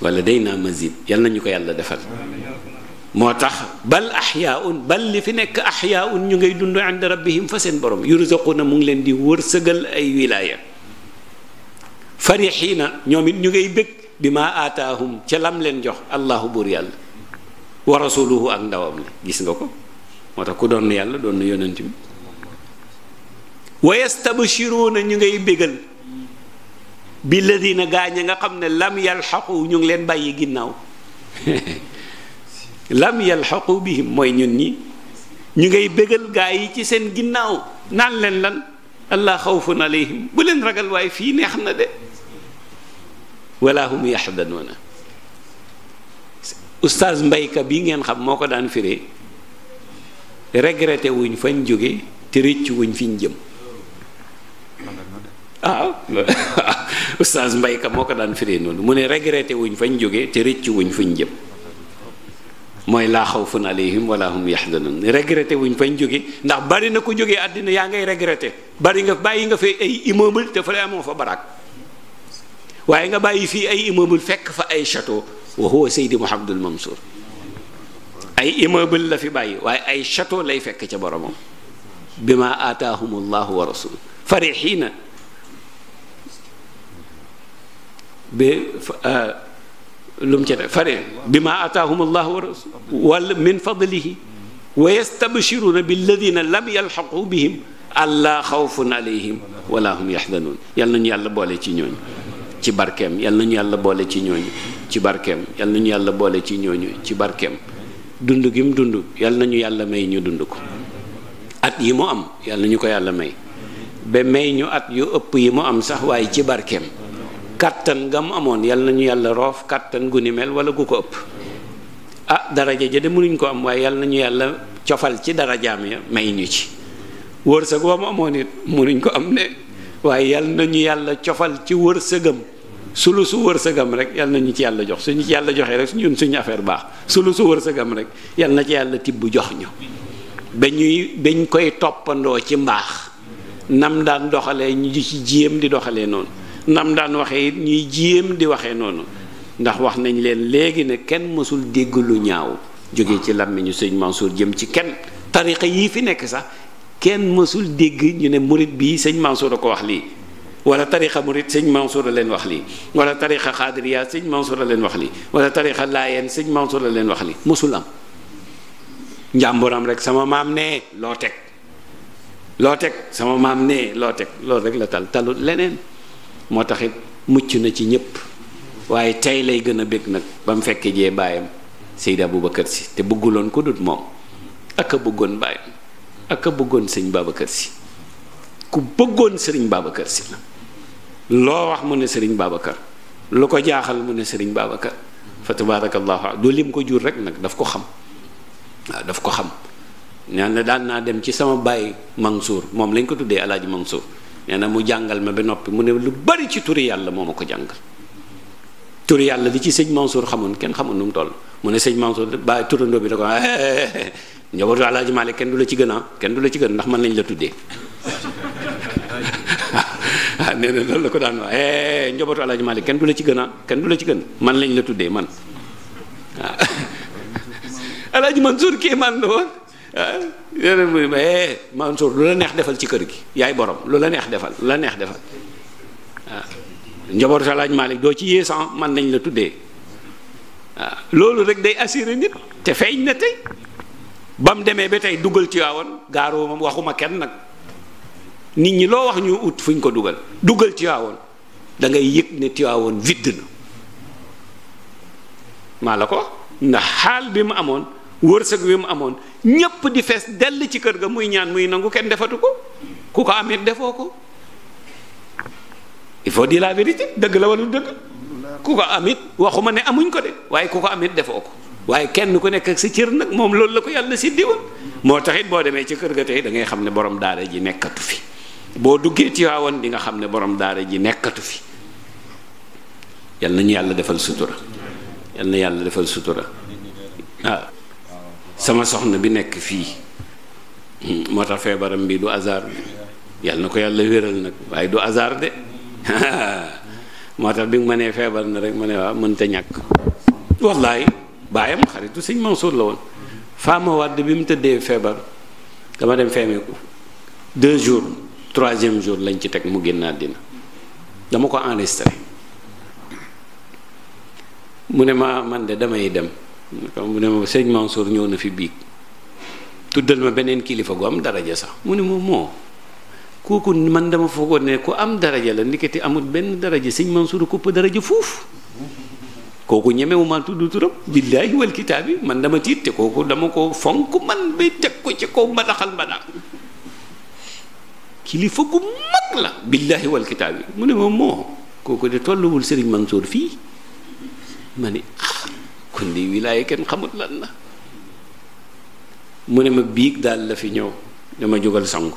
wala day naa mazid yal na ñu ko yàlla defal moo tax bal axyaaun bal li fi nekk axyaaun ñu ngay dund ànd rabbihim fa seen borom yurzaquna mu ngi leen di wërsëgal ay wilaaya farixiina ñoom it ñu ngay bëgg bi ma aataahum ca lam leen jox allahu buur yàlla wa rasuluhu ak ndawam la gis nga ko moo tax ku doon yàlla doon yonent bi wa yastabshiruuna ñu ngay bégal bi ladina gaañ nga xam ne lam yalxaqu ñu ngi leen bàyyi ginnaaw lam yalxaqu bihim mooy ñun ñi ñu ngay bégal gaa yi ci seen ginnaaw naan leen lan allah xawfun alayhim bu leen ragal waaye fii neex na de wala hum yaxdanuuna oustaz mbayka bi ngeen xam moo ko daan fire regretté wuñ fañ jóge te rëcc wuñ fiñ jëm ah oustaz Mbaye Ka moo ko daan firee noonu mu ne regretté wuñ fañ jóge te rëcc wuñ fuñ jëm mooy laa xawfun alayhim wala hum yaxzanun regretté wuñ fañ jóge ndax bari na ko jógee àddina yaa ngay regretté bari nga bàyyi nga fi ay immeuble te fa la amoo fa baraak waaye nga bàyyi fii ay immeuble fekk fa ay château wa huwa Seydi Mouhamadul Mansour ay immeuble la fi bàyyi waaye ay château lay fekk ca boromam bima aataahum allahu wa rasul farixiina bi eh, lu mu ci def fare bi ma ataahum allah wa rasul wala min fadlihi wa yastabshiruna billadina lam yalxaqu bihim allah xawfun alayhim wala hum yaxzanun yal nañu yàlla boole ci ñooñu ci barkeem yal nañu yàlla boole ci ñooñu ci barkeem yal nañu yàlla boole ci ñooñu ci barkeem dund gi mu dund yal nañu yàlla may ñu dund ko at yi mu am yal ñu ko yàlla may ba may ñu at yu ëpp yi mu am sax waaye ci barkeem kàttan gam amoon yal ñu yàlla roof kàttan gu ni mel wala gu ko ëpp ah daraja ja de nuñ ko am waaye yal nañu yàlla cofal ci darajaam ya may ñu ci wërsëg wa mu amoon it mënuñ ko am ne waaye yal yàlla cofal ci wërsëgam sulu su wërsëgam rek yal nañu ci yàlla jox suñu ci yàlla joxee rek ñun suñu affaire baax sulu su wërsëgam rek yal na ci yàlla tibb jox ñu ba ñuy bañ koy toppandoo ci mbaax nam daan doxalee ñu di ci jéem di doxalee noonu nam daan waxe it ñuy jéem di waxee noonu ndax wax nañ leen léegi ne kenn mësul dégg lu ñaaw jóge ci ñu sëñ Mansour jëm ci kenn tariqa yi fi nekk sax kenn mësul dégg ñu ne murit bii sëñ Mansour a ko wax lii wala tarixa murit sëñ Mansour a leen wax lii wala tarixa xaadiriya sëñ Mansour a leen wax lii wala tarixa laayeen sëñ Mansour a leen wax lii mësul am njàmburam rek sama maam ne loo teg loo teg sama maam ne loo teg loolu rek la tal talut leneen moo tax it mucc na ci ñépp waaye tey lay gën a bég nag ba mu fekkee jee baayam Seydi Aboubacar si te bëgguloon ko dut moom ak a bëggoon baayam ak a bëggoon sëñ Babacar si ku bëggoon sëriñ Babacar si la loo wax mu ne sëriñ Babacar lu ko jaaxal mu ne sëriñ Babacar fa tabarakallahu du lim ko jur rek nag daf ko xam waaw daf ko xam ñaan ne daan naa dem ci sama bàyyi Mansour moom lañ ko tuddee alaaji Mansour nee na mu jàngal ma ba noppi mu ne lu bari ci turi yàlla moom ma ko jàngal turi yàlla li ci sëñ Mansour xamoon kenn xamoon nu mu toll mu ne sëñ Mansour ba turandoo bi da ko njabootu Alaaji kenn du la ci gën a kenn du la ci gën ndax man lañ la tuddee ah ko daan wax eh njabootu kenn du la ci gën a kenn du la ci gën man lañ la tuddee man waaw Alaaji Mansour mu ah, ne eh, Mansour lu la neex defal ci kër gi yaay borom lu la neex defal lu la neex defal waaw ah, njabootu Alaaj doo ci yéesan man nañ la tuddee ah, loolu rek day assuré nit te feeñ na tey ba mu demee ba tey dugal ci waawoon gaaroo moom waxuma kenn nag nit ñi loo wax ñu ut fu ñu ko dugal dugal Tiwaawoon da ngay yëg ne Tiwaawoon vidd na maa la ko ndax xaal bi mu amoon wërsëg wi mu amoon ñépp di fees dell ci kër ga muy ñaan muy nangu kenn defatu ko ku ko amit defoo ko il faut dire la dëgg la wala dëgg ku ko amit waxuma ne amuñ ko de waaye ku ko amit defoo ko waaye kenn ku nekk ak sa cër nag moom loolu la ko yàlla siddi woon moo taxit boo demee ci kër ga tey da ngay xam ne borom daara ji nekkatu fi boo duggee ci waawoon di nga xam ne borom daara ji nekkatu fi yal na ñu yàlla defal sutura yal na yàlla defal sutura sama soxna bi nekk fii moo tax feebaram bi du hasard yàlla na ko yàlla wéral nag waaye du hasard de moo tax bi nga ma nee feebar na rek ma ne waaw ñàkk wallaay baayam xaritu sëñ Mansour la woon faama mu tëddee feebar dama dem feemeeku deux jours troisième jour lañ ci teg mu génn àddina dama ko enregistré mu ne ma man de damay dem mu ne ma sëñ Mansour ñëw na fi biig tuddal beneen kilifa gu am daraja sax mu ne moo kooku man dama foogoon ne ku am daraja la ndiketi amul benn daraja sëñ Mansour kupp daraja fuuf kooku ñemewuma tudd turam billaahi wal man dama tiit te dama ko fonk ko ci kaw mbadaxal mbadax kilifa gu mag la mu ne ma moo kooku de tolluwul sëriñ Mansour fii ma ne ah kon di wilaaya kenn xamut lan la mu ne ma biig daal la fi ñëw dama jógal sangu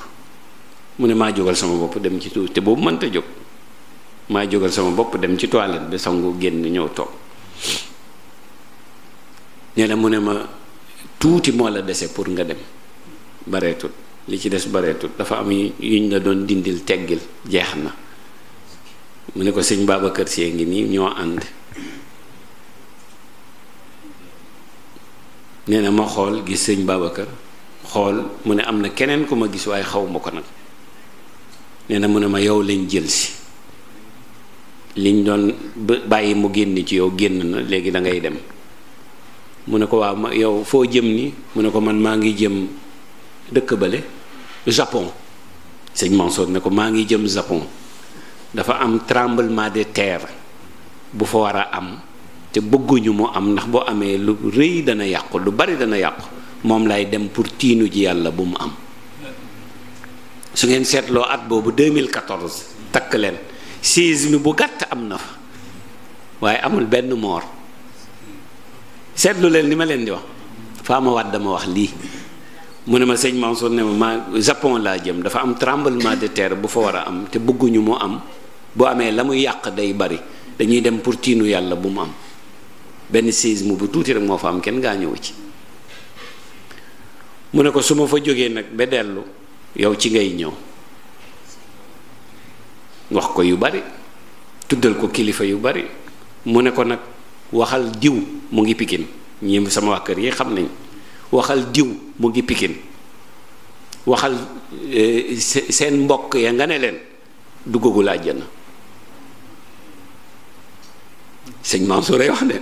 mu ne maa jógal sama bopp dem ci tuuti te boobu mënta jóg maa jógal sama bopp dem ci toilette bi sangu génn ñëw toog nee na mu ne ma tuuti moo la dese pour nga dem bareetut li ci des bareetut dafa am yuñ la doon dindil teggil jeex na mu ne ko sëñ kër Sy ngi nii ñoo ànd nee na ma xool gis sëñ Babacar xool mu ne am na keneen ku ma gis waaye xaw ma ko nag nee na mu ne ma yow lañ jël si liñ doon bàyyi mu génn ci yow génn na léegi da ngay dem mu ne ko waaw ma yow foo jëm ni mu ne ko man maa ngi jëm dëkk bale Japon sëñ Mansour ne ko maa ngi jëm Japon dafa am trambulement de terre bu fa war a am te bëgguñu mu am ndax boo amee lu rëy dana yàqu lu bari dana yàqu moom lay dem pour tiinu ji yàlla bu mu am su ngeen seetloo at boobu 2014 takk leen séisme bu gàtt am na fa waaye amul benn moor seetlu leen li ma leen di wax Fama Wade dama wax lii mu ne ma sëñ Mansour ne ma maa Japon laa jëm dafa am tremblement de terre bu fa war a am te bëgguñu mu am bu amee la muy yàq day bari dañuy dem pour tiinu yàlla bu mu am benn séisme bu tuuti rek moo fa am kenn ngaa gaañuwu ci mu ne ko su ma fa jógee nag ba dellu yow ci ngay ñëw wax ko yu bari tuddal ko kilifa yu bari mu ne ko nag waxal diw mu ngi pikin ñi sama waa kër yi xam nañ waxal diw mu ngi pikin waxal eh, seen mbokk ya nga ne leen duggagul àjjana sëñ Mansour wax de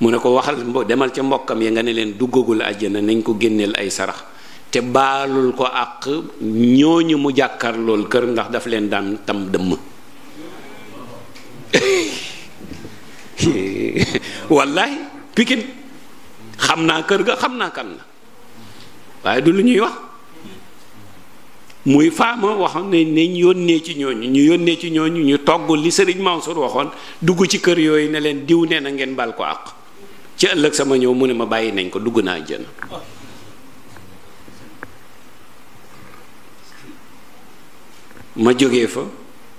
mu ne ko waxal demal ca mbokkam yi nga ne leen duggagul àjjana nañ ko génneel ay sarax te baalul ko àq ñooñu mu jàkkaar lool kër ndax daf leen daan tam dëmm wallahi pikin xam naa kër ga xam naa kan la waaye du lu ñuy wax muy faama waxoon nañ nañ yónnee ci ñooñu ñu yónnee ci ñooñu ñu togg li Serigne Mansour waxoon dugg ci kër yooyu ne leen diw nee na ngeen bal ko àq ci ëllëg sama ñëw mu ne ma bàyyi nañ ko dugg naa jën ma jógee fa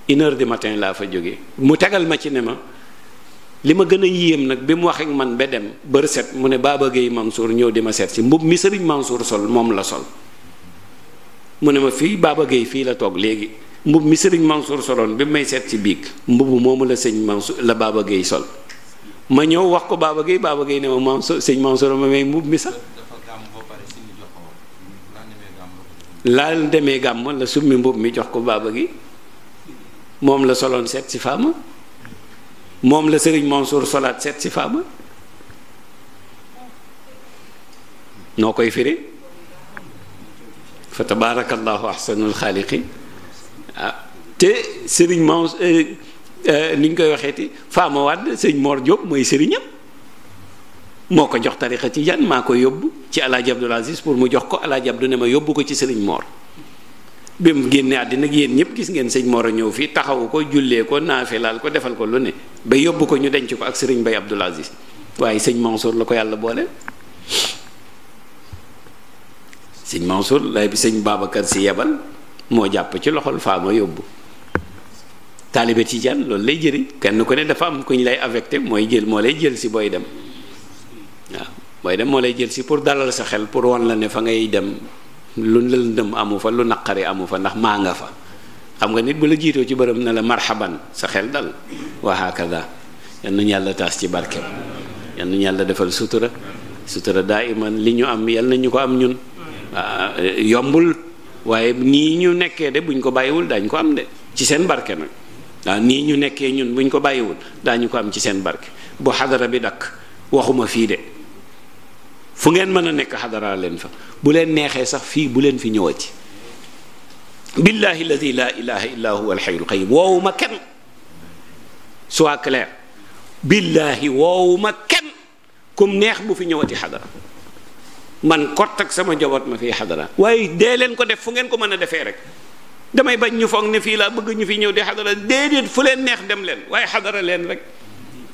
une heure matin laa fa jóge mu tegal ma ci ne ma li ma gën a yéem nag bi mu waxee man ba dem bër set mu ne Baba Gueye Mansour ñëw di ma seet si mbub mi Serigne Mansour sol moom la sol mu ne ma fii baaba Gueye fii la toog léegi mbubb mi sëriñ Mansour soloon bi may seet ci biig mbubb moomu la sëñ Mansour la Baba Gueye sol ma ñëw wax ko baaba Gueye Baba Gueye ne ma Mansour sëñ Mansour mi sax laal demee gàmm la summi mbubb mi jox ko baaba gi moom la soloon seet si faama moom la sëriñ Mansour solaat seet si faama noo koy firi fa tabaarakallaahu ahsanul xaaliqin ah te sëriñ Maw ni ñu koy waxeeti Faama Wade sëñ Mor Diop mooy sëriñam moo ko jox tarixa ci jan maa ko yóbbu ci alaaji Abdul Aziz pour mu jox ko alaaji Abdu ne ma yóbbu ko ci sëriñ Mor bi mu génne àddina ak yéen ñëpp gis ngeen sëñ Mor a ñëw fii taxawu ko jullee ko naafilaal ko defal ko lu ne ba yóbbu ko ñu denc ko ak sëriñ Bay Abdul Aziz waaye sëñ Mansour la ko yàlla boole. sëñ Mansour lay bi sëñ Babacar si yebal moo jàpp ci loxol faama yóbbu taalibe Tijaan loolu lay jëriñ kenn ku ne dafa am ku ñu lay affecté mooy jël moo lay jël si booy dem waaw booy dem moo lay jël si pour dalal sa xel pour wan la ne fa ngay dem lu lëndëm amu fa lu naqari amu fa ndax maa nga fa xam nga nit bu la jiitoo ci bërëb na la marhaban sa xel dal wa hakada yan nañu yàlla taas ci barke yan nañu yàlla defal sutura sutura daa iman li ñu am Euh, yombul waaye nii ñu nekkee de buñ ko bàyyiwul dañ ko am de ci seen barke nag waaw nii ñu nekkee ñun buñ ko bàyyiwul dañu ko am ci seen barke bu xadara bi dakk waxuma fii de fu ngeen mën a nekk xadaraa leen fa bu leen neexee sax fii bu leen fi ñëwati billahi alladi laa ilaha illa huwa alxayul qayim woowuma kenn soit clair billahi woowuma kenn kum neex bu fi ñëwati xadara man kott ak sama njaboot ma fi xadara waaye dee leen ko def fu ngeen ko mën a defee rek damay bañ ñu foog ne fii laa bëgg ñu fi ñëw di xadara déedéet fu leen neex dem leen waaye xadara leen rek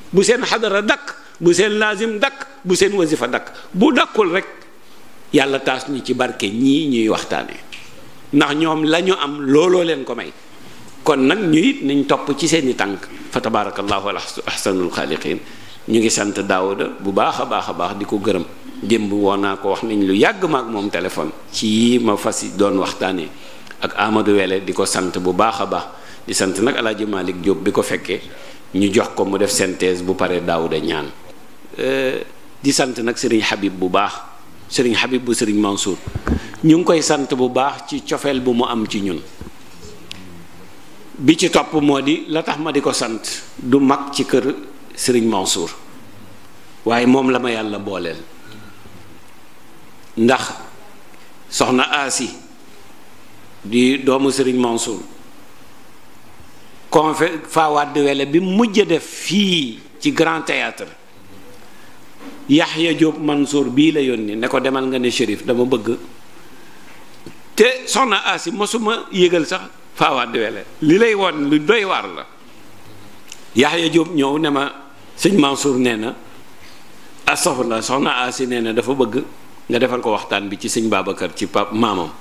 bu seen xadara dakk bu seen laazim dakk bu seen wasifa dakk bu dakkul rek yàlla taas ñu ci barke ñii ñuy waxtaane ndax ñoom lañu am looloo leen ko may kon nag ñu it nañ topp ci seeni tànk fa tabarakallahu al ahsanul xaaliqin ñu ngi sant daawuda bu baax a baax a baax di ko gërëm démb woo naa ko wax nañ lu yàgg ak moom téléphone ci ma fas doon waxtaanee ak Amadou Wele di ko sant bu baax a baax di sant nag El Hadj Malick Diop bi ko fekkee ñu jox ko mu def synthèse bu paree Daouda ñaan euh, di sant nag Serigne Habib bu baax Serigne Habib bu Serigne Mansour ñu ngi koy sant bu baax ci cofeel bu mu am ci ñun bi ci topp moo di la tax ma di ko sant du mag ci kër Serigne Mansour waaye moom la ma yàlla booleel. ndax soxna asi di doomu sëriñ Mansour confé fa wadd wele bi mujj def fii ci grand théâtre Yaxya Jóob Mansour bii la yónni ne ko demal nga ne shérif dama bëgg te soxna asi mosuma yëgal sax fa wadd li lay won lu doy waar la Yaxya Jóob ñëw ne ma sëñ Mansour nee na asaf ah, la soxna aasi nee na dafa bëgg nga defal ko waxtaan bi ci sëñ Babacar ci pap maamam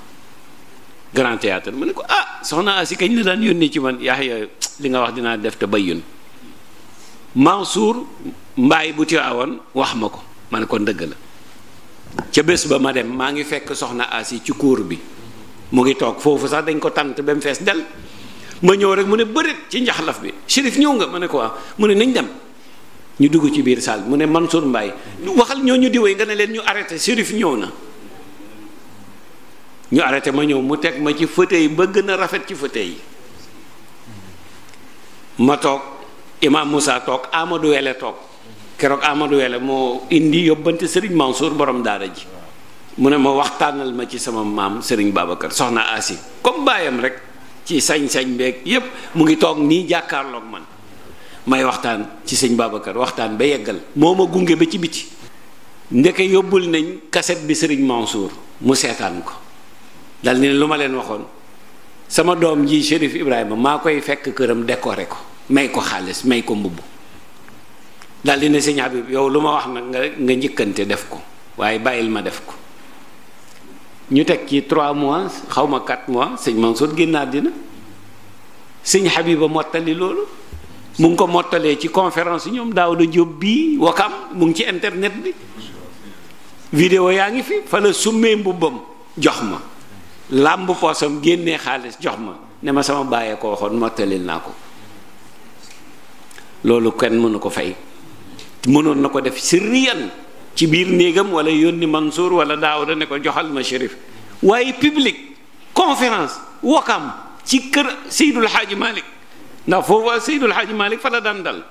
grand théâtre mu ne ko ah soxna asi kañ la daan yónnee ci man Yaxya li nga wax dinaa def te bayyun Mansour mbaay bu Tiwaawan wax ma ko ne kon dëgg la ca bés ba ma dem maa ngi fekk soxna asi ci cour bi mu ngi toog foofu sax dañ ko tant ba mu fees del ma ñëw rek mu ne bërit ci njaxlaf bi Chérif ñëw nga ma ne ko ah, mu ne nañ dem ñu dugg ci biir salle mu ne Mansour Mbaye waxal ñoo ñu diwee nga ne leen ñu arrêté Chérif ñëw na ñu arrêté ma ñëw mu teg ma ci fauteuil ba gën a rafet ci fauteuil yi ma toog Imam Moussa toog Amadou toog keroog Amadou moo indi yóbbante Serigne Mansour borom daara ji mu ne ma waxtaanal ma ci sama maam Serigne Babacar soxna Asi comme baayam rek ci sañ-sañ beeg yépp mu ngi toog nii jàkkaarloog man may waxtaan ci sëñ Babacar waxtaan ba yeggal moo ma gunge ba ci biti ndeke yóbbul nañ kaset bi sëriñ Mansour mu seetaan ko dal ni lu ma leen waxoon sama doom ji Chérif Ibrahima maa koy fekk këram décoré ko may ko xaalis may ko mbubb daldi ne sëñ Habib yow lu ma wax nag nga njëkkante def ko waaye bàyyil ma def ko ñu teg ci trois mois xawma ma mois sëñ Mansour génnaat dina sëñ Habiba mottali loolu mu ngi ko mottalee ci conférence yi ñoom daaw da jóob bii wakam mu ngi ci internet bi vidéo yaa ngi fi fan la summee mbubbam jox ma làmb poosam génnee xaalis jox ma ne ma sama bàyyee ko waxoon mottalil naa ko loolu kenn mënu ko fay mënoon na ko def sirriyan ci biir néegam wala yónni Mansour wala Daawuda ne ko joxal ma shérif waaye public conférence wakam ci kër Seydul Xaaji Malik ndax foofu waa Seydul Xaaji Malik fa la daan dal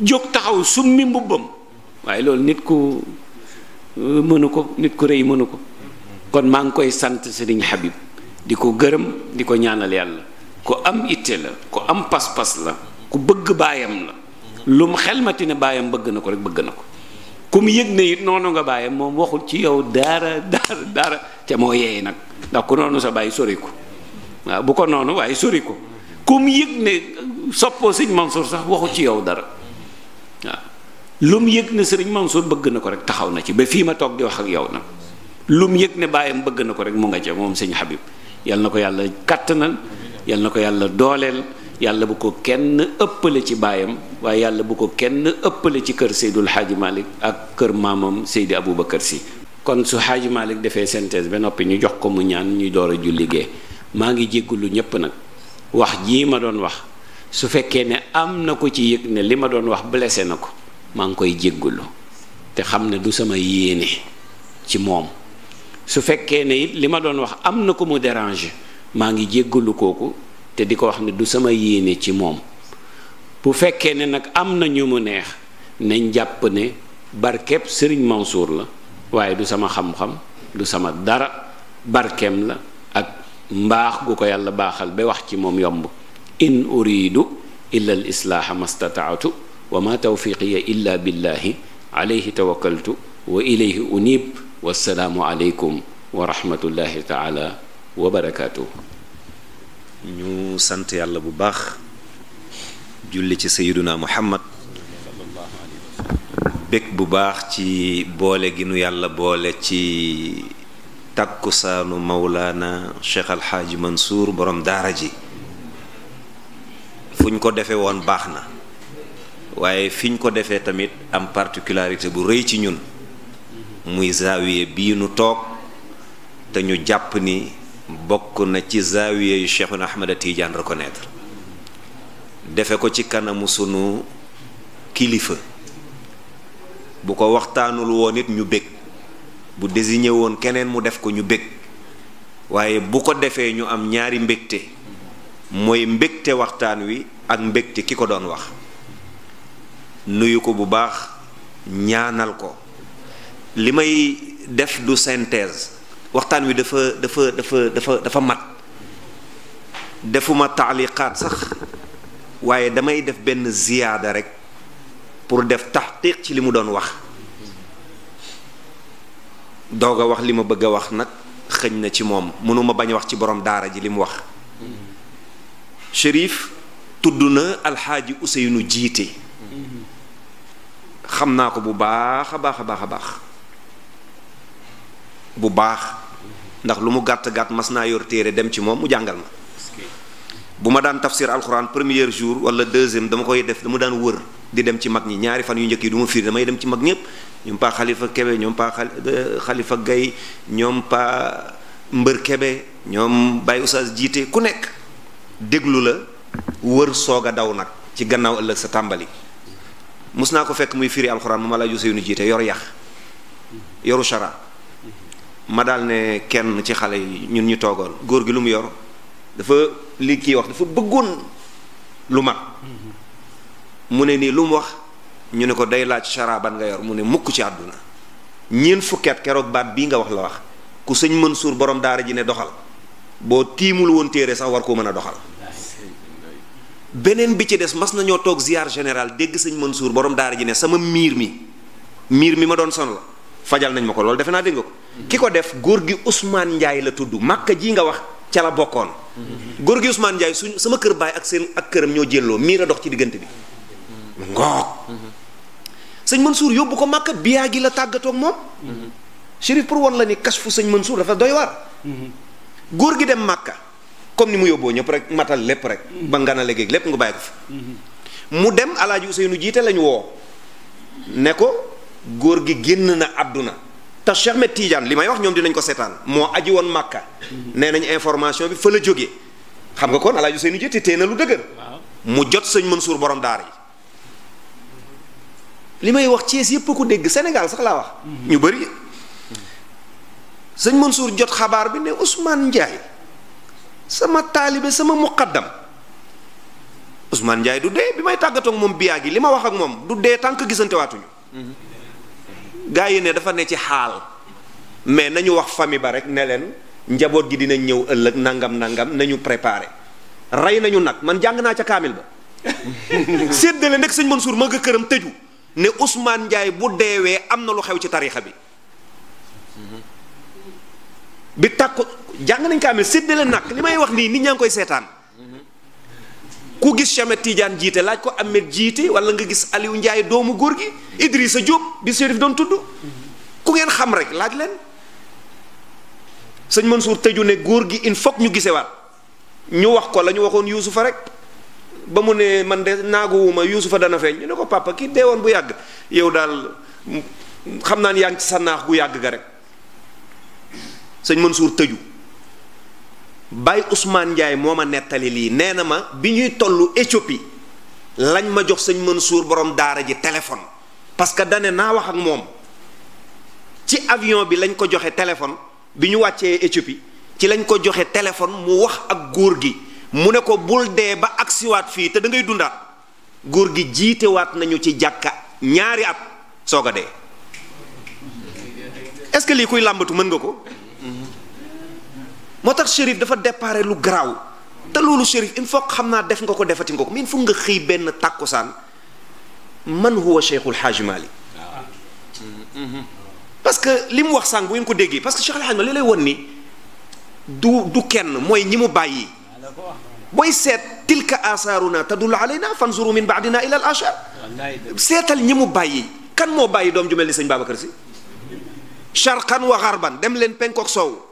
jóg taxaw summi mbubbam waaye loolu nit ku euh, mënu ko nit ku rëy mënu ko kon maa ngi koy sant Serigne Habib di ko gërëm di ko ñaanal yàlla ku am itte la ku am pas-pas la ku bëgg baayam la lu mu xelmati ne baayam bëgg na ko rek bëgg na ko ku mu yëg ne it noonu nga baayam moom waxul ci yow daara daara daara te moo yeey nag ndax ku noonu sa bàyyi sori ko waaw bu ko noonu waaye sori ko ku mu yëg ne soppoo sëñ Mansour sax waxu ci yow dara waaw lu mu yëg ne sëriñ Mansour bëgg na ko rek taxaw na ci ba fii ma toog di wax ak yow na lu mu yëg ne bàyyam bëgg na ko rek mu nga ca moom sëñ Habib yal na ko yàlla kàttanal yal na ko yàlla dooleel yàlla bu ko kenn ëppale ci baayam waaye yàlla bu ko kenn ëppale ci kër Seydul Xaaji Malick ak kër maamam Seydi Aboubacar si kon su Xaaji Malick defee synthèse ba noppi ñu jox ko mu ñaan ñu door a ju liggéey maa ngi jéggulu ñépp nag wax jii ma doon wax su fekkee ne am na ko ci yëg ne li ma doon wax blessé na ko maa ngi koy jéggulu te xam ne du sama yéene ci moom su fekkee ne li ma doon wax am na ko mu derange maa ngi jéggulu kooku te di ko wax ne du sama yéene ci moom bu fekkee ne nag am na ñu mu neex ne jàpp ne barkeb sëriñ Mansour la waaye du sama xam-xam du sama dara barkeem la mbaax gu ko yàlla baaxal ba wax ci moom yomb in uridu illa al islaaha mastataatu wa ma tawfiqiya illa billahi alayhi tawakkaltu wa ilayhi unib wassalaamu aleykum wa rahmatullahi taala wa barakaatu ñu sant yàlla bu baax julli ci sayiduna muhammad bég bu baax ci boole gi nu yàlla boole ci tàkkusaanu mawlaana cheikh alxaaji mansour borom daara ji fuñ ko defee woon baax na waaye fiñ ko defee tamit am particularité bu rëy ci ñun muy zaawiye bii nu toog te ñu jàpp ni bokk na ci zaawiye yu cheikhuna ahmada tidiane reconnaître defe ko ci kanamu sunu kilifa bu ko waxtaanul woon it ñu bég bu désigné woon keneen mu def ko ñu bég waaye bu ko defee ñu am ñaari mbégte mooy mbégte waxtaan wi ak mbégte ki ko doon wax nuyu ko bu baax ñaanal ko li may def du synthèse waxtaan wi dafa dafa dafa dafa dafa mat defuma taaliqaat sax waaye damay def benn ziyaada rek pour def taxqiq ci li mu doon wax doog a wax li ma bëgg a wax nag xëñ na ci moom mënuma bañ a wax ci borom daara ji li mu wax Chérif tudd na alxaaji Ousseynou jiite xam naa ko bu baax a baax a baax a baax bu baax ndax lu mu gàtt gàtt mas naa yor téere dem ci moom mu jàngal ma bu ma daan tafsir alxuraan première jour wala deuxième dama koy def dama daan wër di dem ci mag ñi ñaari fan yu njëkk yi du ma fiir damay dem ci mag ñëpp ñoom pa xalifa kebe ñoom pa xalifa gay ñoom pa mbër kebe ñoom Baye Oustaz jiite ku nekk déglu la wër soog a daw nag ci gannaaw ëllëg sa tàmbali mus naa ko fekk muy firi alxuraan mu ma lay jose yu jiite yor yax yoru chara ma daal ne kenn ci xale yi ñun ñu toogoon góor gi lu mu yor dafa li kii wax dafa bëggoon lu mag mu ne nii lu mu wax ñu ne ko day laaj charaban nga yor mu ne mukk ci àdduna ñeent fukkeet keroog baat bii nga wax la wax ku sëñ suur borom daara ji ne doxal boo tiimul woon téere sax war koo mën a doxal beneen bi ci des mas nañoo toog ziar général dégg sëñ suur borom daara ji ne sama miir mi miir mi ma doon son la fajal nañ ma ko loolu defe naa dégg ko ki ko def góor gi Ousmane Ndiaye la tudd màkka ji nga wax ca la bokkoon góor gi Ousmane Ndiaye suñ sama kër baay ak seen ak këram ñoo jëlloo miir a dox ci diggante bi ngoog sëñ Mansour yóbbu ko Màkka biyaa gi la tàggatoo ak moom Chérif pour won la ni kas fu sëñ Mansour dafa doy waar góor gi dem Màkka comme ni mu yóbboo ñëpp rek matal lépp rek ba ngana léegi lépp nga bàyyi ko fa mu dem alaaji seenu jiite lañu woo ne ko góor gi génn na àdduna te Cheikh Ahmed li may wax ñoom dinañ ko seetaan moo aji woon Màkka nee nañ information bi fa la jógee xam nga kon alaaji Ousseynou jiite tee na lu dëgër mu jot sëñ Mansour borom daar li may wax Thiès yëpp ko dégg Sénégal sax laa wax. ñu bari sëñ Mansour jot xabaar bi ne Ousmane Ndiaye sama taalibe sama muqaddam Ousmane njaay du dee bi may tàggatoo moom biyaa gi li ma wax ak moom du dee tànk gisante waatuñu. gaa yi ne dafa ne ci xaal mais nañu wax famille ba rek ne leen njaboot gi dinañ ñëw ëllëg nangam nangam nañu préparé rey nañu nag man jàng naa ca kaamil ba séddale ndek sëñ Mansour ma nga këram tëju. ne Ousmane Ndiaye bu deewee am na lu xew ci tariixa bi bi tàkku jàng nañ ko amee séddale nag li may wax nii nit ñaa ngi koy seetaan ku gis Chamet Tidiane jiite laaj ko Ahmed jiite wala nga gis Aliou Ndiaye doomu góor gi Idrissa Diop bi Chérif doon tudd ku ngeen xam rek laaj leen sëñ Mansour tëju ne góor gi il faut ñu gisewaat ñu wax ko lañu ñu waxoon Yuusufa rek ba mu ne man de naaguwuma yuusufa dana feeñ ñu ne ko papa ki deewoon bu yàgg yow daal xam naa ne yaa ngi ci sa naax gu yàgg ga rek sëñ Mansour tëju Baye Ousmane Ndiaye moo ma nettali lii nee na ma bi ñuy tollu Éthiopie lañ ma jox sëñ Mansour borom daara ji téléphone parce que dane naa wax ak moom ci avion bi lañ ko joxe téléphone bi ñu wàccee Éthiopie ci lañ ko joxe téléphone mu wax ak góor gi mu ne ko bul dee ba agsiwaat fii te dangay ngay dundaat góor gi jiitewaat nañu ci jàkka ñaari at soog a dee est-ce que lii kuy làmbatu mën nga ko moo tax shérif dafa déparé lu garaaw te loolu shérif il faut xam naa def nga ko defati nga ko mais il faut nga xëy benn tàkkusaan man huwa cheikhul xaaji Malik que li mu wax sànq bu ngeen ko déggee parce que cheikhul xaaji Malik li lay won ni du du kenn mooy ñi mu bàyyi booy seet te tilka asaaruna tadullu alayna fanzuru min baadina ila al ashar seetal ñi mu bàyyi kan moo bàyyi doom ju mel sañ sëñ Babacar Si sharqan wa gharban dem leen penkook soow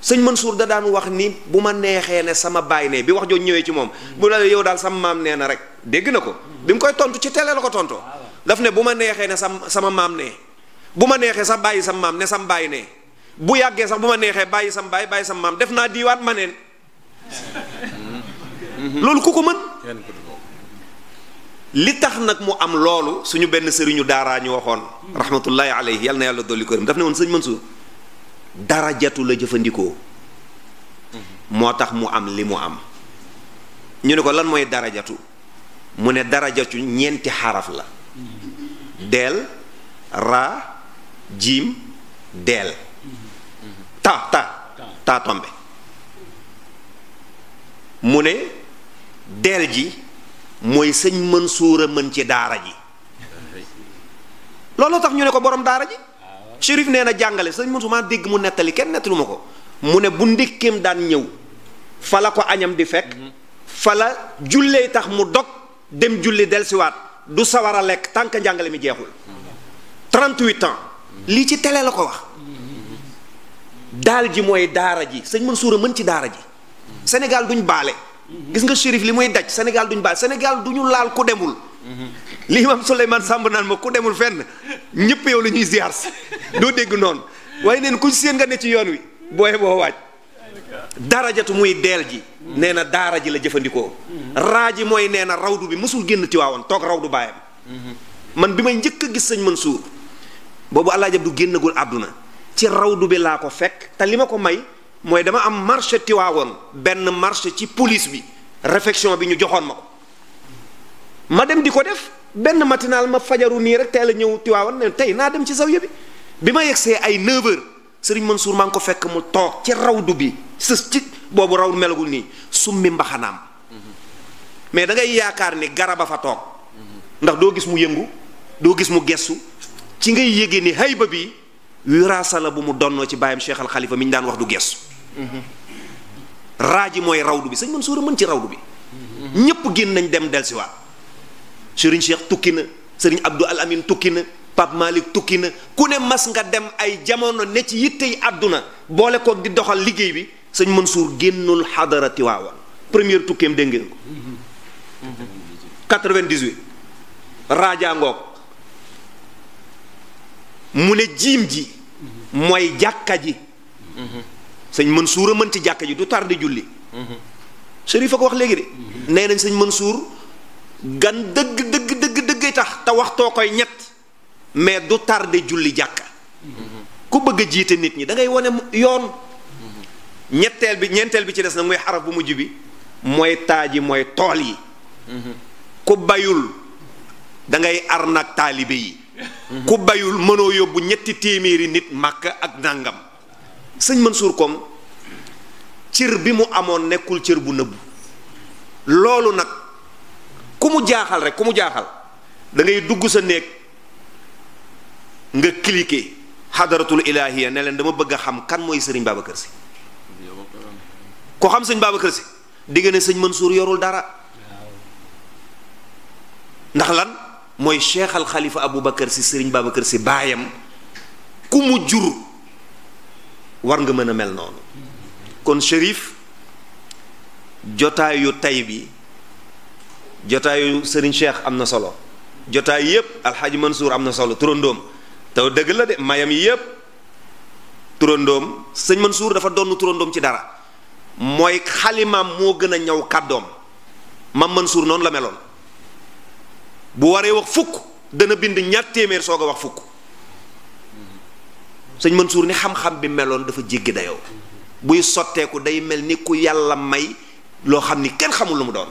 sëñ Mansour da daan wax ni bu ma neexee ne sama baay ne bi wax jooju ñëwee ci moom bu la yow daal sama maam nee na rek dégg na ko bi mu koy tontu ci télé la ko tontoo daf ne bu ma neexee ne sama sama maam ne bu ma neexee sax bàyyi sama maam ne sama bàyyi ne bu yàggee sax bu ma neexee bàyyi sama baay bàyyi sama maam def naa diiwaat ma neen Mhm. loolu ku ko mën li tax nag mu am loolu suñu benn sëriñu daaraa ñu waxoon rahmatullahi alayhi yal na yàlla dolli ko daf ne woon sëñ Mansour dara jatu la jëfandikoo moo tax mu am li mu am ñu ne ko lan mooy darajatu mu ne darajatu ñeenti xaraf la deel ra jiim deel ta ta ta tombe mu ne deel ji mooy sëñ mën suur a mën ci daara ji looloo tax ñu ne ko borom daara ji shérif nee na jàngale sëñ Mansuur maa dégg mu nettali kenn nettalu ko mu ne bu ndékkeem daan ñëw fala ko añam di fekk fala jullee tax mu dog dem julli delsiwaat du sawar a lekk tànk njàngale mi jeexul 38 ans lii ci tele la ko wax daal ji mooy daara ji sëñ Mansuur a mën ci daara ji Sénégal duñ baale. gis nga shérif li muy daj Sénégal duñ baale Sénégal duñu laal ku demul. li imam Souleymane Samb naan ma ku demul fenn ñëpp yow la ñuy si doo dégg noonu waaye neen ku seen nga ne ci yoon wi booye boo waaj. darajatu muy deel ji. nee na daara ji la jëfandikoo. raa ji mooy nee na rawdu bi mësul génn Tiwaawan toog rawdu baayam. man bi may njëkk a gis man Mansour boobu El Hadj Abdou génnagul àdduna ci rawdu bi laa ko fekk te li ma ko may. mooy dama am marché Tiwaawoon benn marché ci police bi réfection bi ñu joxoon ma ko ma dem di ko def benn matinal ma fajaru nii rek teel a ñëw Tiwaawoon ne tey naa dem ci zawiya bi bi ma yegsee ay 9 sëriñ mën Mansour maa ngi ko fekk mu toog ci rawdu bi sës ci boobu raw melagul nii summi mbaxanaam mais da ngay yaakaar ni garab a fa toog ndax doo gis mu yëngu doo gis mu gestu ci ngay yége ni hayba bi wiraasa la bu mu donnoo ci bàyyam Cheikh Al Khalifa mi ñu daan wax du geesu. raaji mooy rawdu bi sëñ Mansour mën ci rawdu bi. ñëpp génn nañ dem dellusiwaat. Serigne Cheikh tukki na Serigne Abdou Al tukki na Pape Malick tukki na ku ne mas nga dem ay jamono ne ci yittey àdduna boole koog di doxal liggéey bi sëñ Mansour génnul xadara Tiwaawan première tukkeem dégg ngeen ko. 98 ngoog mu ne jiim ji. mooy jàkka ji sëñ suur a mën ci jàkka ji du tardé julli sëriñ fa ko wax léegi de nee nañ sëñ suur gan dëgg dëgg dëgg dëggay tax te waxtoo koy ñett mais du tardé julli jàkka ku bëgg a jiite nit ñi dangay ngay wane yoon ñetteel bi ñeenteel bi ci des nag mooy xaraf bu mujj bi mooy taaj yi mooy tool yi ku bayul ar na arnak taalibe yi ku bayul mënoo yóbbu ñetti téeméeri nit màkk ak nàngam sëñ mën suur koom cër bi mu amoon nekkul cir bu nëbbu loolu nag ku mu jaaxal rek ku mu jaaxal dangay dugg sa néeg nga cliquer xadaratul ilaahiya ne leen dama bëgg a xam kan mooy sëriñ Babacar Sy ko xam sëñ Babacar Sy digg ne sëñ Mansour yorul dara ndax lan mooy cheikh al xalifa Aboubacar si sëriñ Babacar si baayam ku mu jur war nga mën a mel noonu kon shérif jotaayu tay bi jotaayu sëriñ cheikh am na solo jotaay yépp alxaaji Mansour am na solo turandoom taw dëgg la de mayam yépp turandoom sëñ Mansour dafa donn turandoom ci dara mooy xalimaam moo gën a ñaw kàddoom mam Mansour noonu la meloon bu waree wax fukk dana bind ñaar téeméer soo a wax fukk sëñ Mansour ni xam-xam bi meloon dafa jéggi dayoo buy sotteeku day mel ni ku yàlla may loo xam ni kenn xamul lu mu doon.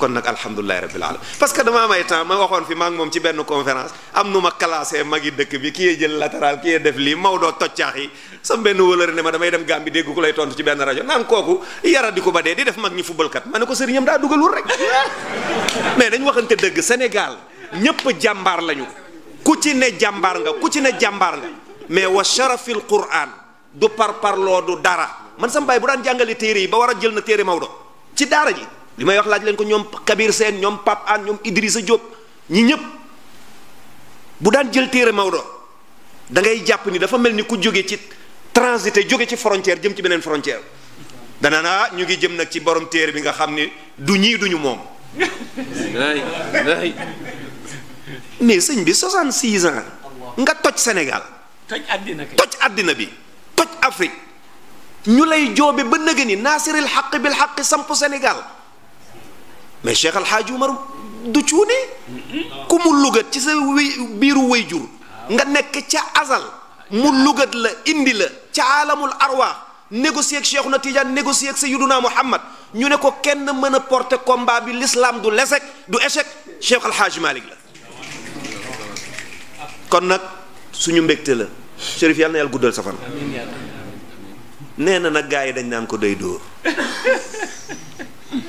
kon nag alhamdulilahi rabbil alamin parce que dama am ay temps ma waxoon fi maa ngi moom ci benn conférence am nu ma classé magi dëkk bi ki yee jël latéral kii yee def lii Maodo toccaax yi sam benn wëlëri ne ma damay dem Gàmbi dégg ku lay tontu ci benn rajo naan kooku yara di ko ba dee di def mag ñi fubalkat ma ne ko sëriñam daa dugalul rek mais dañ waxante dëgg Sénégal ñépp jàmbaar lañu ku ci ne jàmbaar nga ku ci ne jàmbaar nga mais wa sharafil quran du par parloo du dara man sam baay bu daan jàngale téere yi ba war a jël na téere Maodo ci daara ji li may wax laaj leen ko ñoom Kabir Seen ñoom Pape An ñoom Idrissa Diop ñi ñëpp bu daan jël téere Maodo da ngay jàpp ni dafa mel ni ku jóge ci transité jóge ci frontière jëm ci beneen frontière dana naa ah, ñu ngi jëm nag ci borom téere bi nga xam ni du ñii duñu moom mais sëñ bi 66 ans nga toj Sénégal toj àddina bi toj àddina Afrique ñu lay joobe ba nëgë ni naasiril xaq bil xaq samp Sénégal mais Cheikh Al Hadj Umar du cuune ku mu lugat ci sa biiru way jur nga nekk ca azal mu lugat la indi la ca alamul arwaax négocier ak Cheikhuna Tidiane négocier ak Sayyiduna Muhammad ñu ne ko kenn mën a porter combat bi l'islam du lesek du échec Cheikh Al Hadj la kon nag suñu mbégte la Chérif yàlla na yàlla guddal sa fan na nag gars yi dañ naan ko day dóor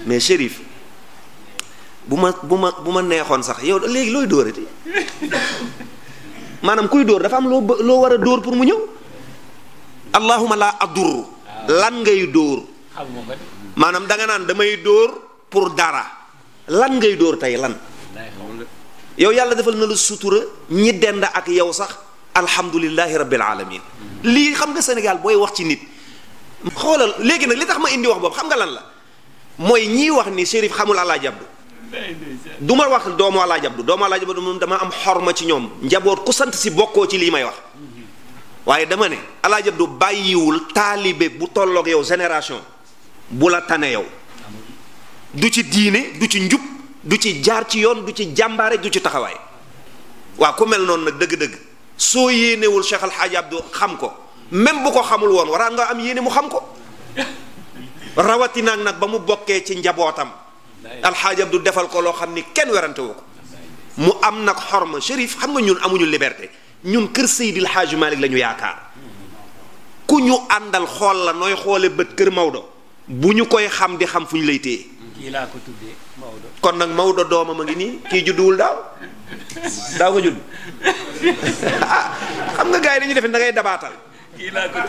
mais Chérif bu ma bu ma bu ma neexoon sax yow léegi looy dóorati maanaam kuy dóor dafa am loo loo war a dóor pour mu ñëw allahuma laa adur ah. lan ngay dóor maanaam danga naan damay dóor pour dara lan ngay dóor tey lan yow yàlla defal na la sutura ñi dend ak yow sax alhamdulillahi rabbil alamin mm-hmm. lii xam nga Sénégal booy wax ci nit xoolal léegi nag li tax ma indi wax boobu xam nga lan la mooy ñii wax ni Chérif xamul Alaaji Abdou du ma wax doomu alaaj abdu doomu alaaj abdu moom dama am xorma ci ñoom njaboot ku sant si bokkoo ci lii may wax waaye dama ne alaaj abdu bàyyiwul taalibe bu tollook yow génération bu la tane yow du ci diine du ci njub du ci jaar ci yoon du ci jàmbaare du ci taxawaay waa ku mel noonu nag dëgg-dëgg soo yéenewul Cheikh Al Hadj xam ko même bu ko xamul woon waraa nga am yéene mu xam ko rawatina nag ba mu bokkee ci njabootam alxaaj du defal ko loo xam ni kenn werante woo ko mu am nag xorma shérif xam nga ñun amuñu liberté ñun kër Seydil Xaaji Malik la yaakaar ku ñu àndal xool la nooy xoole bët kër Maodo bu ñu koy xam di xam fu ñu lay téye. kii laa ko tuddee kon nag Maodo doomam a ngi nii kii judduwul daaw daaw nga judd ah xam nga gars yi dañuy def da ngay dabaatal. kii laa ko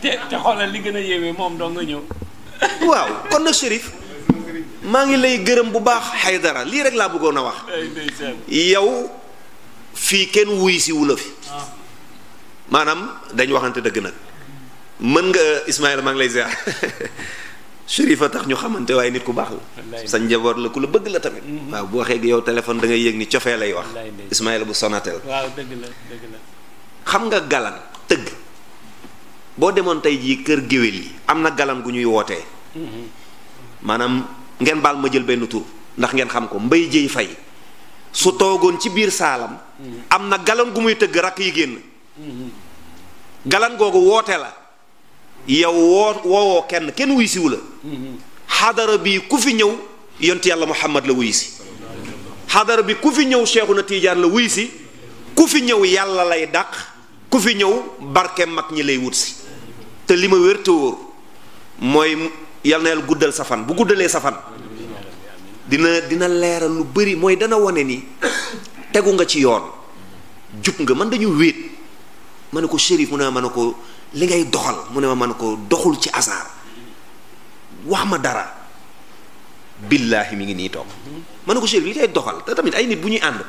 te xoolal li gën a yéeme moom doo nga ñëw. waaw kon nag shérif. maa ngi lay gërëm bu baax Haydara lii rek laa bëggoon a wax yow fii kenn wuy si wula fi ah. maanaam dañ waxante dëgg nag mën nga Ismaïla maa ngi lay ziar Chérifa tax ñu xamante waaye nit ku baax la sa njaboot la ku la bëgg la tamit mm-hmm. waaw bu waxee ak yow téléphone da ngay yëg ni cofee lay wax Ismaïla bu Sonatel waaw dëgg la dëgg la xam nga galan tëgg boo demoon tey jii kër géwél yi am na galan gu ñuy wootee mm-hmm. maanaam ngeen baal ma jël benn tur ndax ngeen xam ko mbay jéy fay su toogoon ci biir saalam am na galan gu muy tëgg rakk yi génn galan googu woote la yow woo woowoo kenn kenn wuy siwu la xadara bi ku fi ñëw yont yàlla muhammad la wuy si xadara bi ku fi ñëw na Tiijaan la wuy si ku fi ñëw yàlla lay dàq ku fi ñëw barke mag ñi lay wut si te li ma wér te wóor mooy yal na yàlla guddal sa fan bu guddalee sa dina dina leeral lu bari mooy dana wone ni tegu nga ci yoon jub nga man dañu wéet ma ne ko shérif mu ne ma ne ko li ngay doxal mu ne ma ma ne doxul ci hasard ma dara billaahi mi ngi nii toog ma ne ko li ngay doxal te tamit ay nit bu ñuy ànd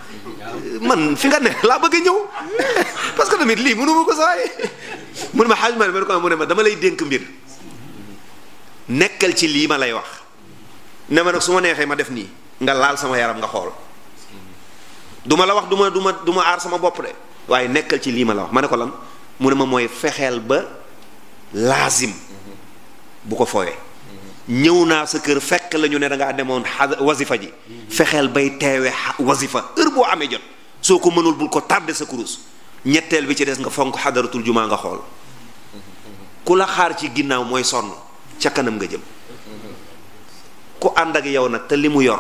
man fi nga ne laa bëgg a ñëw parce que tamit lii mënu ma ko saay mu ne ma xaaj ma ne ko mu ne ma dama lay dénk mbir nekkal ci lii ma lay wax ne nag su ma neexee ma def nii nga laal sama yaram nga xool duma la wax duma duma duma aar sama bopp de waaye nekkal ci lii ma la wax ma ne ko lan mu ne ma mooy fexeel ba laazim bu ko fowee ñëw naa sa kër fekk la ñu ne da ngaa demoon wasifa ji fexeel bay teewe wasifa heure boo amee jot soo ko mënul bul ko tardé sa kurus ñetteel bi ci des nga fonk xadaratul jumaa nga xool ku la xaar ci ginnaaw mooy sonn ca kanam nga jëm ku ànd ak yow nag te li mu yor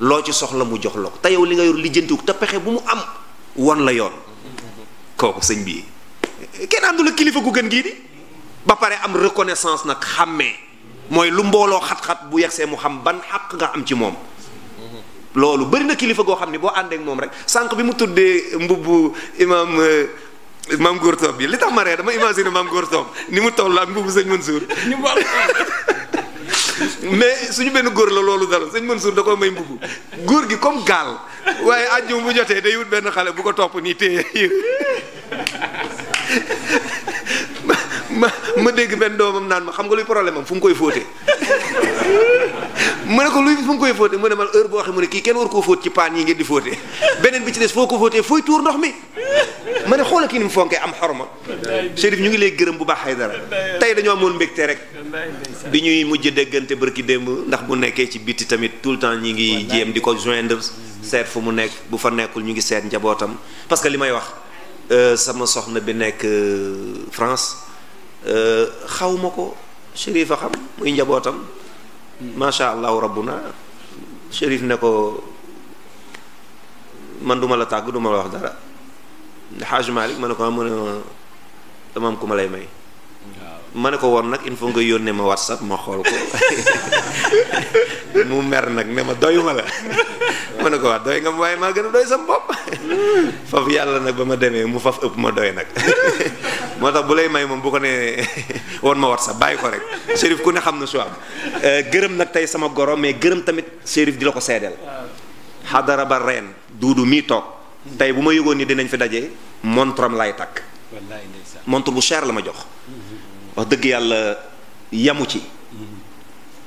loo ci soxla mu jox la te yow li nga yor lijjantiwu te pexe bu mu am won la yoon kooku sëñ bi kenn àndul ak kilifa gu gën gii di ba pare am reconnaissance nag xàmmee mooy lu mbooloo xat-xat bu yegsee mu xam ban xaq nga am ci moom loolu bëri na kilifa goo xam ni boo àndeek moom rek sànq bi mu tuddee mbubb imaam euh, maam góor toog bi li tax ma ree dama imaginer maam góor toog ni mu toll ak mbubu sëñ Mansour mais suñu benn góor la loolu dal mën Mansour da ko may mbubu góor gi comme gaal waaye àjjuma bu jotee day wut benn xale bu ko topp nii téye ma ma dégg benn doomam naan ma xam nga luy problème am fu mu koy fóote mu ne luy bis mu koy fóote mu ne man heure boo xam ne kii kenn war koo fóot ci paan yi ngeen di fóote beneen bi ci des foo ko fóotee fooy tuur ndox mi ma ne xoolal kii ni mu fonkee am xorma Chérif ñu ngi lay gërëm bu baax ay dara tey dañoo amoon mbégte rek bi ñuy mujj déggante bërki démb ndax bu nekkee ci biti tamit tout le temps ñi ngi jéem di ko joindre seet fu mu nekk bu fa nekkul ñu ngi seet njabootam parce que li may wax euh, sama soxna bi nekk euh, France euh, xaw ko Chérif njabootam macha allahu rabbuna shérif ne ko man duma la tàgg duma la wax dara xaaj Malick ma ne ko am ah, mu ne ma dama ku ma lay may ma ne ko woon nag il faut nga yónnee ma whatsapp ma xool ko mu mer nag ne ma doyuma la ma ne ko wax doy nga ma waaye maa gën a doy sam bopp faf yàlla nag ba ma demee mu faf ëpp ma doy nag moo tax bu lay may moom bu ko nee woon ma WhatsApp bàyyi ko rek Chérif ku ne xam na su am euh, gërëm nag tey sama goro mais gërëm tamit Chérif di la ko seedeel xadara ba reen duudu mii toog tey bu ma yëgoon nii dinañ fi daje montram laay takk montre bu cher la ma jox wax dëgg yàlla yamu ci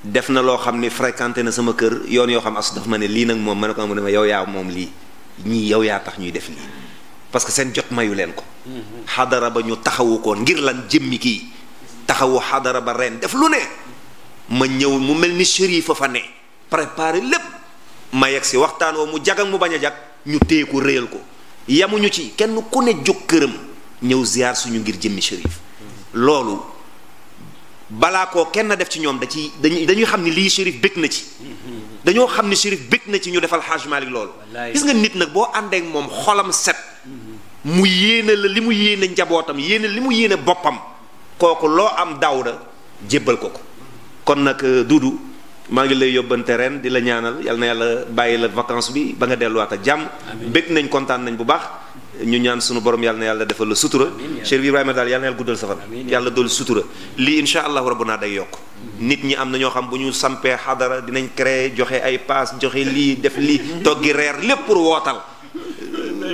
def na loo xam ne fréquenté na sama kër yoon yoo xam as daf ma ne lii nag moom ma ne ko am ne ma yow yaa moom lii ñii yow yaa tax ñuy def lii parce que seen jot mayu leen ko. xadara ba ñu taxawu ko ngir lan jëmmi kii taxawu xadara ba ren def lu ne ma ñëw mu mel ni shérif fa fa ne préparé lépp ma yegg si waxtaan woo mu jag mu bañ a jag ñu téye ko réyal ko yamuñu ci kenn ku ne jóg këram ñëw ziar suñu ngir jëmmi shérif loolu. balaa koo kenn def ci ñoom da ci dañuy dañuy xam ni lii shérif bëgg na ci dañoo xam ni shérif bëgg na ci ñu defal Hajj Malick loolu gis nga nit nag boo àndeek moom xolam set mu yéene la li mu yéene njabootam yéene li mu yéene boppam kooku loo am daawda jébbal ko ko kon nag euh, Dudu maa ngi lay yóbbante ren di la ñaanal yal yàlla bàyyi la vacances bi ba nga delluwaat ak jàmm bëgg nañ kontaan nañ bu baax ñu ñaan sunu borom yàlla na yàlla defal la sutura Chérif Ibrahima daal yàlla na yàlla guddal yàlla dool sutura lii insha allahu rab naa day yokk nit ñi am na ñoo xam bu ñu sampee xadara dinañ créer joxe ay paas joxe lii def lii toggi reer lépp pour wootal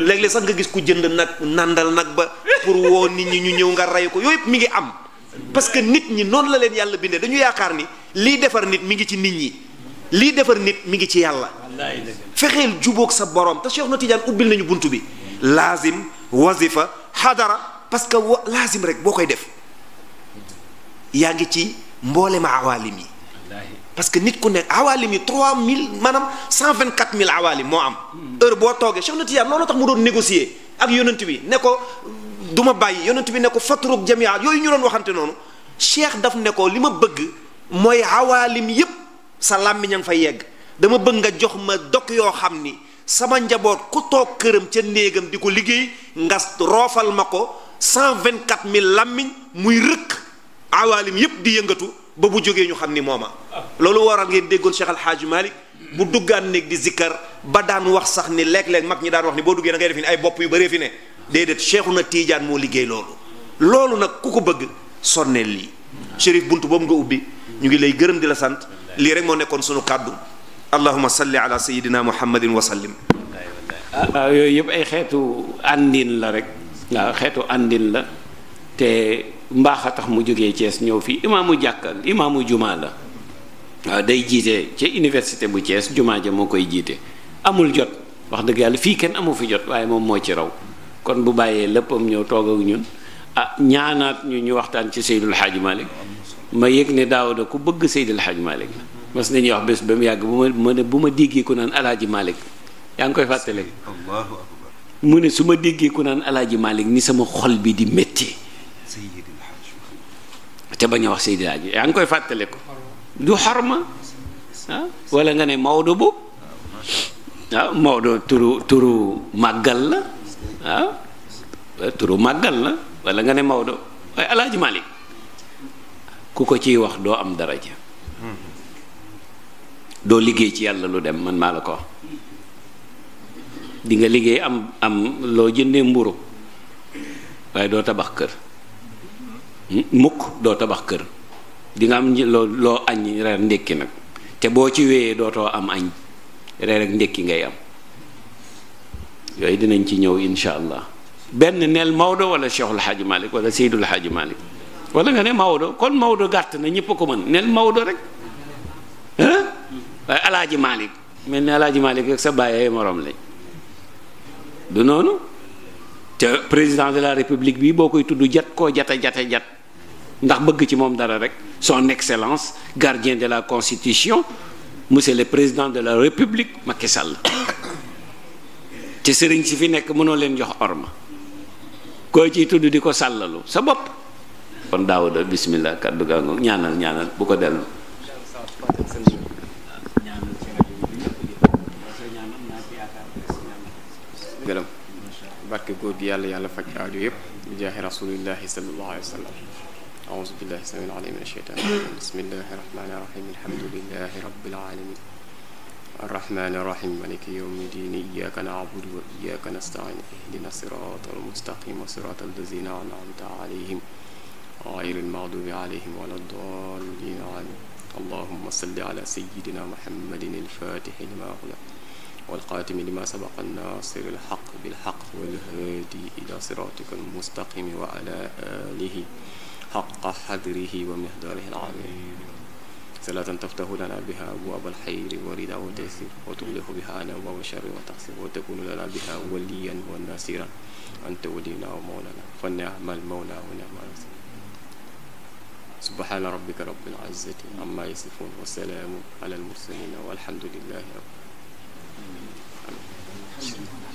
léeg-léeg sax nga gis ku jënd nag nàndal nag ba pour woo nit ñi ñu ñëw nga rey ko yooyu yëpp mi ngi am parce que nit ñi noonu la leen yàlla bindee dañu yaakaar ni lii defar nit mi ngi ci nit ñi lii defar nit mi ngi ci yàlla fexeel jubóog sa borom te Cheikh na Tidiane ubbil nañu bunt bi laazim wazifa xadara parce que wa laazim rek boo koy def yaa ngi ci mboolem awaalim yi parce que nit ku nekk awaalim yi trois mille maanaam cent vingt quatre mille awaalim moo am hmm. heure boo toogee Cheikh na Tijaan loolu tax mu doon négocier ak yonent wi ne ko duma bàyyi yonent bi ne ko fatruk jamiaat yooyu ñu doon waxante noonu cheikh daf ne ko li ma bëgg mooy awaalim yépp sa làmmiñ a nga fa yegg dama bëgg nga jox ma dok yoo xam ni sama njaboot ku toog këram ca néegam di ko liggéey nga roofal ma ko cent vingt-quatre mille làmmiñ muy rëkk awaalim yépp di yëngatu ba bu jógee ñu xam ni mooma loolu waral ngeen déggoon seexal Al Hadj Malick bu duggaan néeg di zikkar ba daan wax sax ni lekk léeg mag ñi daan wax ni boo duggee da ngay def ay bopp yu bëree fi ne déedéet na Tiijaan moo liggéey loolu loolu nag ku ko bëgg sonneel lii Chérif bunt boobu nga ubbi ñu ngi lay gërëm di la sant lii rek moo nekkoon sunu kàddu allahuma salli ala sayidina muhammadin wa sallim waaw ah, ah, yooyu yëpp ay xeetu àndin la rek waaw xeetu àndin la te mbaax a tax mu jógee Thiès ñëw fii imaamu jàkka imaamu juma la waaw day jiite ci université bu Thiès juma ja moo koy jiite amul jot wax dëgg yàlla fii kenn amu fi jot waaye moom moo ci raw kon bu bàyyee léppam ñëw toog ak ñun ah ñaanaat ñu ñu waxtaan ci Seydil xaaju Malick ma yëg ne daaw da ku bëgg Seydil Hadj Malick la mas nañuy wax bés ba mu yàgg bu ma ne bu ma déggee ku naan alaaji Malick yaa ngi koy fàttale mu ne su ma déggee ku naan alaaji Malick ni sama xol bi di metti te ba a wax Seydi yaa ngi koy fàttale ko du xorma ah wala nga ne Maodo boobu waaw ah, Maodo turu turu màggal la waaw ah, turu màggal la wala nga ne Maodo waaye alaaji Malick ku ko ciy wax doo am daraja doo liggéey ci yàlla lu dem man maa la ko wax di nga liggéey am am loo jëndee mburu waaye doo tabax kër hmm? mukk doo tabax kër dinga am loo loo añ reer ndékki nag te boo ci wéyee dootoo am añ reer ak ndékki ngay am yooyu dinañ ci ñëw insha allah benn neel Maodo wala Cheikhul Hadj Malick wala Seydul Hadj Malick wala nga ne Maodo kon Maodo gàtt na ñëpp a ko mën neel Maodo rek waaye alaaji Malick mel ni alaaji Malick ak sa bàyyee moroom lañ du noonu te président de la république bi boo koy tudd jat koo jata jata jat ndax bëgg ci moom dara rek son excellence gardien de la constitution monsieur le président de la république Macky Sall ci sëriñ si fi nekk mënoo leen jox orma koo ci tudd di ko sàllalu sa bopp kon daawuda bismillah kàddu gaa ñaanal ñaanal bu ko dellu góor gi yàlla yàlla faj aajo yëpp bi jaahi rasulillahi sallallahu alayhi wa sallam auzu billahi samil alim min asheytan bismillahi rahmani rahim alhamdulilahi rabbil alamin arrahmani rahim maliki yawmi dini iyaka naabudu wa iyaka nastain ihdina sirata almustaqima sirata allazina anamta alayhim غير المغضوب عليهم ولا الضالين آمين اللهم صل على سيدنا محمد الفاتح لما أغلق والخاتم لما سبق الناصر الحق بالحق والهادي إلى صراطك المستقيم وعلى آله حق حذره ومقداره العظيم صلاة تفتح لنا بها أبواب الخير ورضا وتيسير وتغلق بها أنا أبواب الشر وتقصير وتكون لنا بها وليا ونصيرا أنت ولينا ومولانا فنعم المولى ونعم النصير سبحان ربك رب العزة عما يصفون وسلام على المرسلين والحمد لله رب amiin